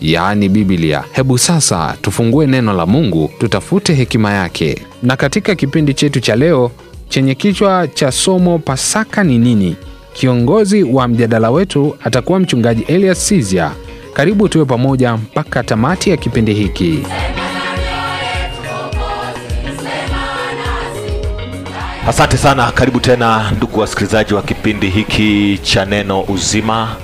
yaani Biblia. Hebu sasa tufungue neno la Mungu, tutafute hekima yake. Na katika kipindi chetu cha leo chenye kichwa cha somo Pasaka ni nini? Kiongozi wa mjadala wetu atakuwa mchungaji Elias Sizia. Karibu tuwe pamoja mpaka tamati ya kipindi hiki. Asante sana. Karibu tena ndugu wasikilizaji wa kipindi hiki cha Neno Uzima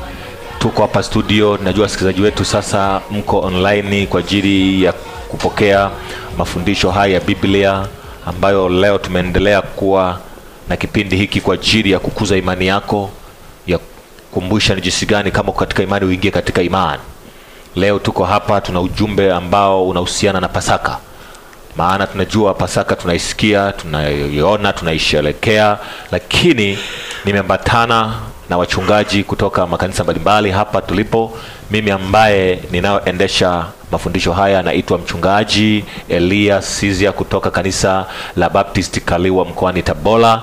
tuko hapa studio. Najua wasikilizaji wetu sasa mko online kwa ajili ya kupokea mafundisho haya ya Biblia ambayo leo tumeendelea kuwa na kipindi hiki kwa ajili ya kukuza imani yako, ya kukumbusha ni jinsi gani kama katika imani uingie katika imani. Leo tuko hapa, tuna ujumbe ambao unahusiana na Pasaka, maana tunajua Pasaka tunaisikia, tunaiona, tunaisherekea, lakini nimeambatana na wachungaji kutoka makanisa mbalimbali hapa tulipo. Mimi ambaye ninayoendesha mafundisho haya naitwa mchungaji Elia Sizia kutoka kanisa la Baptist Kaliwa mkoani Tabora.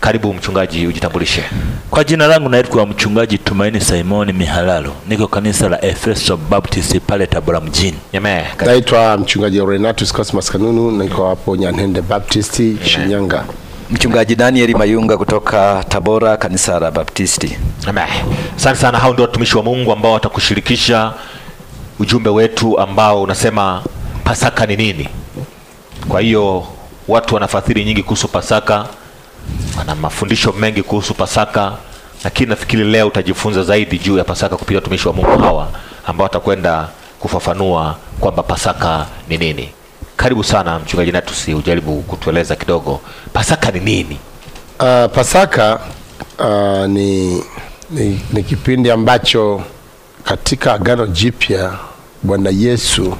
Karibu mchungaji, ujitambulishe. Kwa jina langu naitwa mchungaji Tumaini Simoni Mihalalo, niko kanisa la Efeso Baptist pale Tabora mjini. Naitwa mchungaji Renatus Cosmas Kanunu, niko hapo Nyanende Baptist Shinyanga. Mchungaji Daniel Mayunga kutoka Tabora, kanisa la Baptisti. Amen. Asante sana. Hao ndio watumishi wa Mungu ambao watakushirikisha ujumbe wetu ambao unasema Pasaka ni nini. Kwa hiyo watu wanafadhili nyingi kuhusu Pasaka, wana mafundisho mengi kuhusu Pasaka, lakini nafikiri leo utajifunza zaidi juu ya Pasaka kupitia watumishi wa Mungu hawa ambao watakwenda kufafanua kwamba Pasaka ni nini. Karibu sana mchungaji Natusi, ujaribu kutueleza kidogo Pasaka ni nini? Uh, Pasaka uh, ni, ni, ni kipindi ambacho katika Agano Jipya Bwana Yesu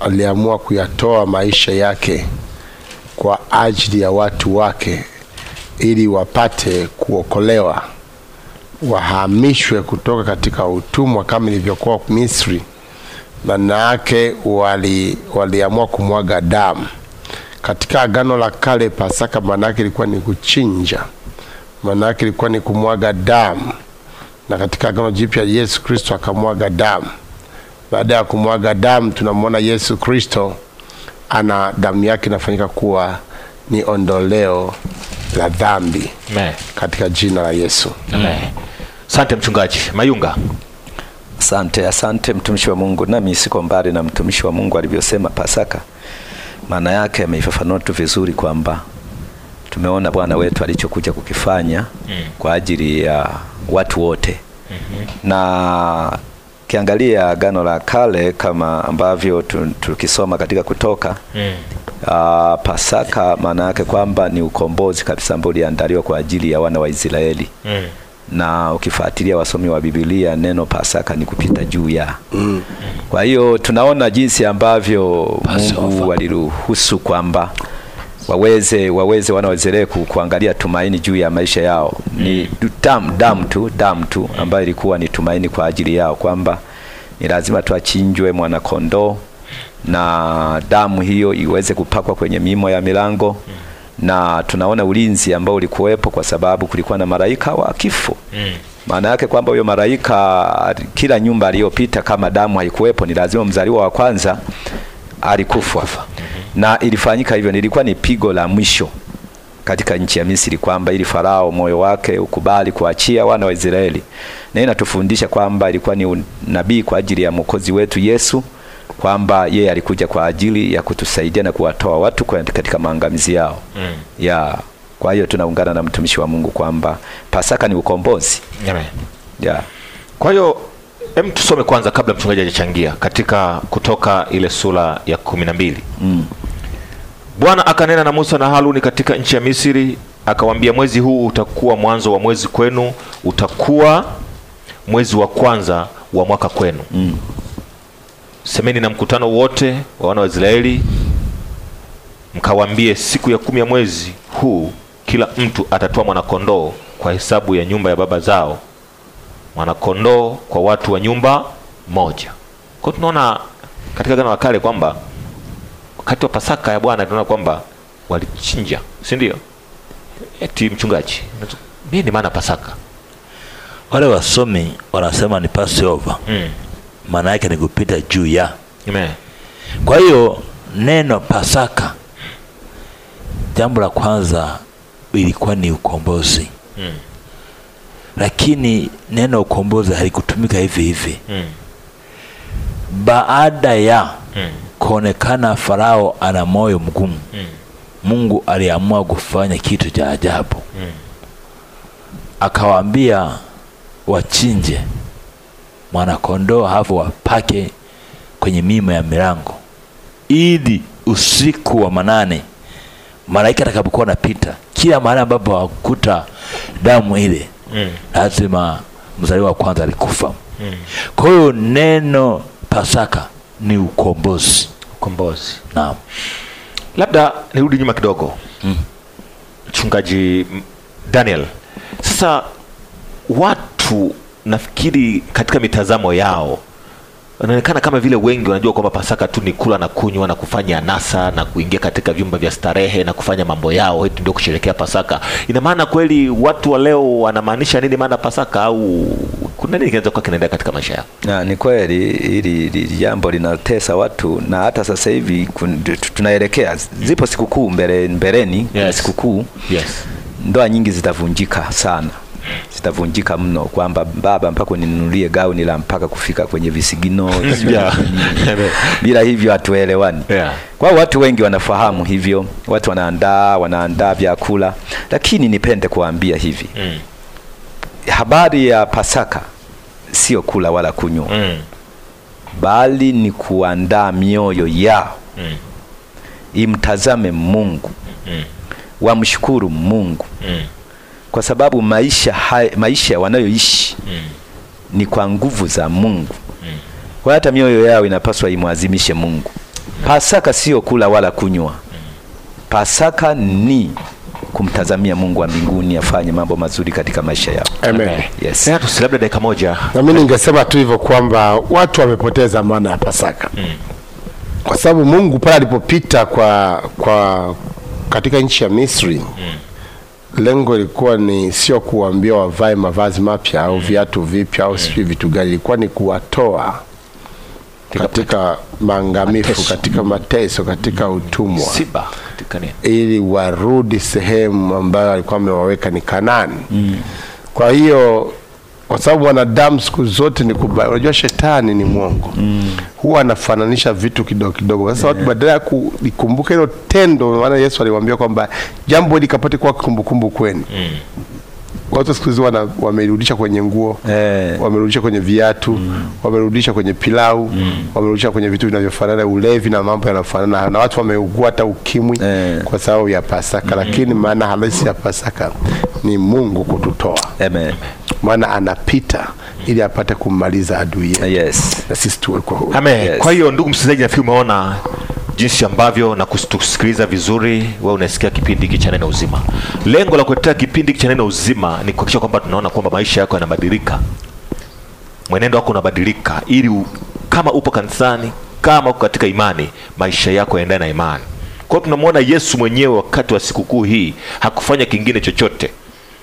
aliamua kuyatoa maisha yake kwa ajili ya watu wake ili wapate kuokolewa, wahamishwe kutoka katika utumwa kama ilivyokuwa Misri manake waliamua wali kumwaga damu katika Agano la Kale. Pasaka manake ilikuwa ni kuchinja, manake ilikuwa ni kumwaga damu, na katika Agano Jipya Yesu Kristo akamwaga damu. Baada ya kumwaga damu, tunamwona Yesu Kristo ana damu yake inafanyika kuwa ni ondoleo la dhambi katika jina la Yesu. Asante mchungaji Mayunga. Asante, asante mtumishi wa Mungu, nami siko mbali na mtumishi wa Mungu alivyosema Pasaka. Maana yake ameifafanua tu vizuri kwamba tumeona Bwana wetu alichokuja kukifanya mm. kwa ajili ya watu wote mm -hmm. na kiangalia Agano la Kale kama ambavyo tukisoma katika Kutoka mm. Ah, Pasaka maana yake kwamba ni ukombozi kabisa ambao uliandaliwa kwa ajili ya wana wa Israeli mm na ukifuatilia wasomi wa Biblia neno Pasaka ni kupita juu ya mm. Kwa hiyo tunaona jinsi ambavyo Mungu aliruhusu kwamba waweze waweze wanawezelee kuangalia tumaini juu ya maisha yao Ni damu dam tu damu tu ambayo ilikuwa ni tumaini kwa ajili yao kwamba ni lazima tuachinjwe mwana kondoo na damu hiyo iweze kupakwa kwenye mimo ya milango mm na tunaona ulinzi ambao ulikuwepo kwa sababu kulikuwa na malaika wa kifo mm. Maana yake kwamba huyo malaika kila nyumba aliyopita, kama damu haikuwepo, ni lazima mzaliwa wa kwanza alikufa. mm -hmm. Na ilifanyika hivyo, nilikuwa ni pigo la mwisho katika nchi ya Misri kwamba ili Farao moyo wake ukubali kuachia wana wa Israeli, na inatufundisha kwamba ilikuwa ni nabii kwa ajili ya mwokozi wetu Yesu kwamba yeye alikuja kwa ajili ya kutusaidia na kuwatoa watu katika maangamizi yao mm. ya Kwa hiyo tunaungana na mtumishi wa Mungu kwamba Pasaka ni ukombozi. Amen. Ya. Kwa hiyo hem, tusome kwanza kabla mchungaji hajachangia katika Kutoka ile sura ya kumi na mbili. Mm. Bwana akanena na Musa na Haruni katika nchi ya Misri akawambia, mwezi huu utakuwa mwanzo wa mwezi kwenu, utakuwa mwezi wa kwanza wa mwaka kwenu. Mm semeni na mkutano wote wa wana wa Israeli mkawaambie, siku ya kumi ya mwezi huu kila mtu atatoa mwanakondoo kwa hesabu ya nyumba ya baba zao, mwanakondoo kwa watu wa nyumba moja. Kwa tunaona katika gano la Kale kwamba wakati wa Pasaka ya Bwana tunaona kwamba walichinja, si ndio? Eti mchungaji, nini maana Pasaka? Wale wasomi wanasema ni Passover. Mm maana yake ni kupita juu ya. Amen. Kwa hiyo neno Pasaka, jambo la kwanza ilikuwa ni ukombozi mm. Lakini neno ukombozi halikutumika hivi hivi mm. Baada ya mm. kuonekana Farao ana moyo mgumu mm. Mungu aliamua kufanya kitu cha ajabu mm. Akawaambia wachinje mwanakondoo hapo wapake kwenye mimo ya milango, ili usiku wa manane malaika atakapokuwa anapita kila mahali ambapo hakuta damu ile mm. lazima mzaliwa wa kwanza alikufa. Mm. Kwa hiyo neno Pasaka ni ukombozi, ukombozi. Naam, labda nirudi nyuma kidogo mm. Mchungaji Daniel, sasa watu nafikiri katika mitazamo yao inaonekana kama vile wengi wanajua kwamba Pasaka tu ni kula na kunywa na kufanya anasa na kuingia katika vyumba vya starehe na kufanya mambo yao, eti ndio kusherekea Pasaka. Ina maana kweli watu wa leo wanamaanisha nini maana Pasaka, au kuna nini kinaweza kuwa kinaendelea katika maisha yao? Na ni kweli hili jambo linatesa watu, na hata sasa hivi tunaelekea, zipo sikukuu mbele mbeleni, yes. sikukuu yes. ndoa nyingi zitavunjika sana zitavunjika mno, kwamba baba, mpaka ninunulie gauni la mpaka kufika kwenye visigino bila hivyo hatuelewani yeah. Kwa watu wengi wanafahamu hivyo, watu wanaandaa wanaandaa vyakula, lakini nipende kuambia hivi mm. habari ya Pasaka sio kula wala kunywa mm. bali ni kuandaa mioyo yao mm. imtazame Mungu mm. wamshukuru Mungu mm kwa sababu maisha, hai, maisha wanayoishi mm. ni kwa nguvu za Mungu mm. kwa hata mioyo yao inapaswa imwazimishe Mungu mm. Pasaka sio kula wala kunywa mm. Pasaka ni kumtazamia Mungu wa mbinguni afanye mambo mazuri katika maisha yao. Amen. Yes. Labda dakika moja. Na mimi ningesema tu hivyo kwamba watu wamepoteza maana ya Pasaka mm. kwa sababu Mungu pale alipopita kwa, kwa katika nchi ya Misri mm lengo ilikuwa ni sio kuambia wavae mavazi mapya au mm. viatu vipya au sijui mm. vitu gani, ilikuwa ni kuwatoa katika maangamifu, katika mateso, katika mm. utumwa, Siba, katika ili warudi sehemu ambayo alikuwa amewaweka ni Kanani. Mm. Kwa hiyo kwa sababu wanadamu siku zote ni kubaya. Unajua shetani ni mwongo mm. huwa anafananisha vitu kidogo kidogo. Sasa watu badala ya kukumbuka hilo tendo, maana Yesu aliwaambia kwamba jambo likapate kwa kuwa kumbukumbu kwenu mm watu siku hizi wamerudisha kwenye nguo eh, wamerudisha kwenye viatu mm, wamerudisha kwenye pilau mm, wamerudisha kwenye vitu vinavyofanana, ulevi na mambo yanayofanana, na watu wameugua hata ukimwi eh, kwa sababu ya Pasaka mm. Lakini maana halisi ya Pasaka ni Mungu kututoa, amen. Maana anapita ili apate kummaliza adui yetu, yes. na sisi tuwe kwa huyo. Amen. Yes. Kwa hiyo ndugu msikilizaji, nafikiri umeona jinsi ambavyo na kusikiliza vizuri, wewe unasikia kipindi hiki cha Neno Uzima. Lengo la kuletea kipindi hiki cha Neno Uzima ni kuhakikisha kwamba tunaona kwamba maisha yako yanabadilika, mwenendo wako unabadilika, ili kama upo kanisani, kama uko katika imani, maisha yako yaendane na imani. Kwa hiyo tunamwona Yesu mwenyewe wakati wa sikukuu hii hakufanya kingine chochote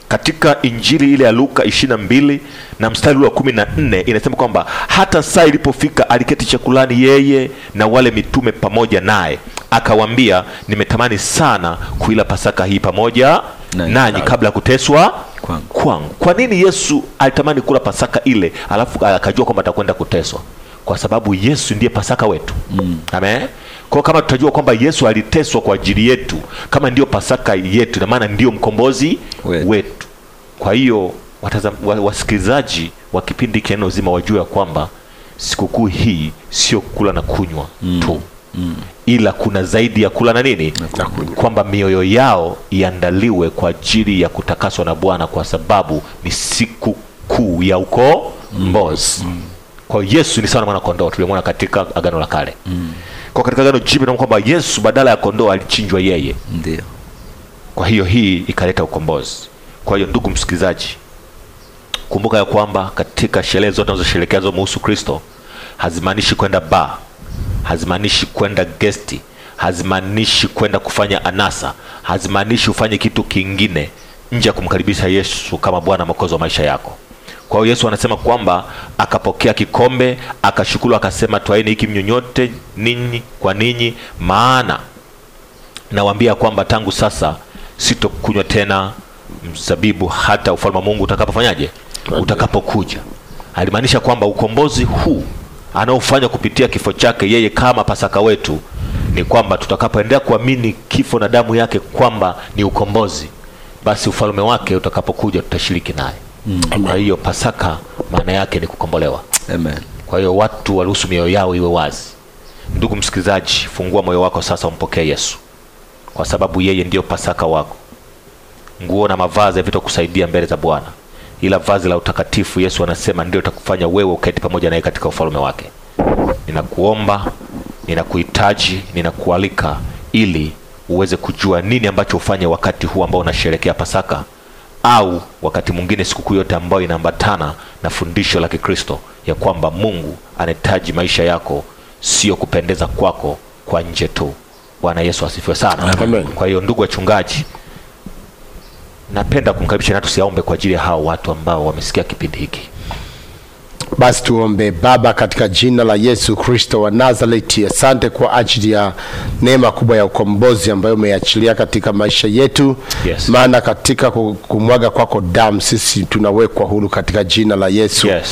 katika Injili ile ya Luka ishirini na mbili na mstari wa kumi na nne inasema kwamba hata saa ilipofika aliketi chakulani yeye na wale mitume pamoja naye, akawambia nimetamani sana kuila Pasaka hii pamoja nanyi kabla ya kuteswa kwangu. Kwangu. Kwa nini Yesu alitamani kula Pasaka ile alafu akajua kwamba atakwenda kuteswa? Kwa sababu Yesu ndiye Pasaka wetu mm. Amen. Kwa kama tutajua kwamba Yesu aliteswa kwa ajili yetu, kama ndiyo Pasaka yetu, na maana ndiyo mkombozi wetu, wetu. Kwa hiyo wasikilizaji wa kipindi cha Neno Uzima wajue ya kwamba sikukuu hii sio kula na kunywa mm. tu mm. ila kuna zaidi ya kula na nini kwamba mioyo yao iandaliwe kwa ajili ya kutakaswa na Bwana kwa sababu ni siku kuu ya ukombozi mm. mm. Kwa Yesu ni sawa na mwana kondoo tulimwona katika Agano la Kale mm. Kwa katika Agano Jipya kwamba Yesu badala ya kondoo alichinjwa yeye. ndio Kwa hiyo hii ikaleta ukombozi. Kwa hiyo ndugu msikilizaji, kumbuka ya kwamba katika sherehe zote tunazosherekeazo muhusu Kristo hazimaanishi kwenda ba hazimaanishi kwenda gesti, hazimaanishi kwenda kufanya anasa, hazimaanishi ufanye kitu kingine nje ya kumkaribisha Yesu kama Bwana Mwokozi wa maisha yako. Kwa hiyo Yesu anasema kwamba akapokea kikombe, akashukuru, akasema twaeni hiki mnyonyote ninyi kwa ninyi, maana nawaambia kwamba tangu sasa sitokunywa tena mzabibu hata ufalme wa Mungu utakapofanyaje, utakapokuja. Alimaanisha kwamba ukombozi huu anaofanya kupitia kifo chake yeye kama Pasaka wetu ni kwamba tutakapoendelea kuamini kifo na damu yake kwamba ni ukombozi, basi ufalme wake utakapokuja tutashiriki naye. Mm. Kwa hiyo Pasaka maana yake ni kukombolewa. Amen. Kwa hiyo watu waruhusu mioyo yao iwe wazi. Ndugu msikilizaji, fungua moyo wako sasa, umpokee Yesu kwa sababu yeye ndiyo Pasaka wako nguo na mavazi havitakusaidia mbele za Bwana, ila vazi la utakatifu, Yesu anasema, ndio itakufanya wewe uketi pamoja naye katika ufalme wake. Ninakuomba, ninakuhitaji, ninakualika ili uweze kujua nini ambacho ufanye wakati huu ambao unasherekea Pasaka au wakati mwingine sikukuu yote ambayo inaambatana na fundisho la Kikristo ya kwamba Mungu anahitaji maisha yako, sio kupendeza kwako kwa nje tu. Bwana Yesu asifiwe sana. Amen. Kwa hiyo ndugu wachungaji Napenda kumkaribisha na tusiaombe kwa ajili ya hao watu ambao wamesikia kipindi hiki. Basi tuombe. Baba, katika jina la Yesu Kristo wa Nazareti, asante kwa ajili ya neema kubwa ya ukombozi ambayo umeachilia katika maisha yetu yes. Maana katika kumwaga kwako damu sisi tunawekwa huru katika jina la Yesu yes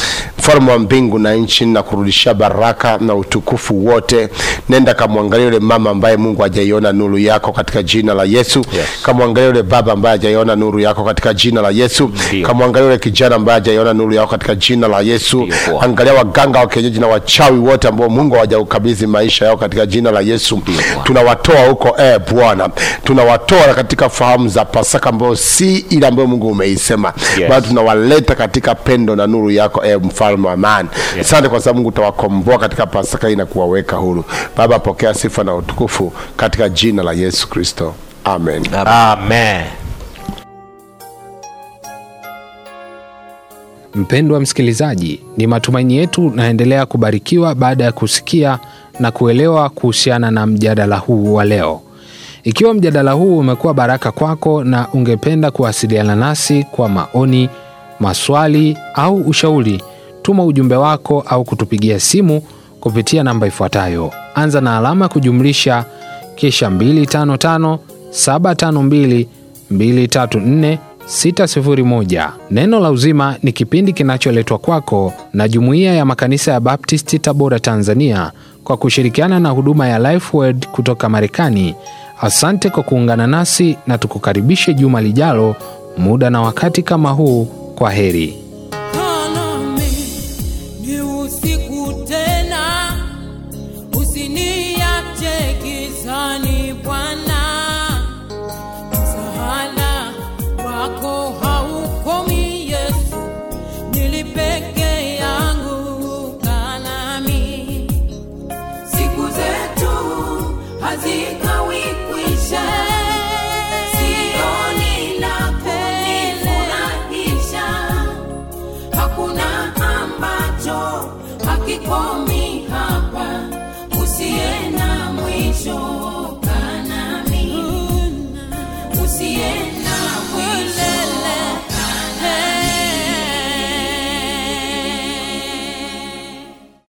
mfalme wa mbingu na nchi na kurudishia baraka na utukufu wote. Nenda kamwangalia yule mama ambaye Mungu hajaiona nuru yako katika jina la Yesu yes. Kamwangalia yule baba ambaye hajaiona nuru yako katika jina la Yesu Kamwangalia yule kijana ambaye hajaiona nuru yako katika jina la Yesu Dio. Angalia waganga wa kienyeji na wachawi wote ambao Mungu hawajaukabidhi maisha yao katika jina la Yesu. Tunawatoa huko eh, Bwana, tunawatoa katika fahamu za Pasaka ambayo si ile ambayo Mungu umeisema yes. Bado tunawaleta katika pendo na nuru yako eh, mfalme mfalme wa amani. Asante yeah. Kwa sababu Mungu utawakomboa katika Pasaka hii na kuwaweka huru. Baba, pokea sifa na utukufu katika jina la Yesu Kristo, amen, amen. Amen. Mpendwa msikilizaji, ni matumaini yetu naendelea kubarikiwa baada ya kusikia na kuelewa kuhusiana na mjadala huu wa leo. Ikiwa mjadala huu umekuwa baraka kwako na ungependa kuwasiliana nasi kwa maoni, maswali au ushauri tuma ujumbe wako au kutupigia simu kupitia namba ifuatayo: anza na alama ya kujumlisha kisha 255 Neno la Uzima ni kipindi kinacholetwa kwako na Jumuiya ya Makanisa ya Baptisti Tabora, Tanzania, kwa kushirikiana na huduma ya Lifeword kutoka Marekani. Asante kwa kuungana nasi na tukukaribishe juma lijalo, muda na wakati kama huu. Kwa heri. Brasil.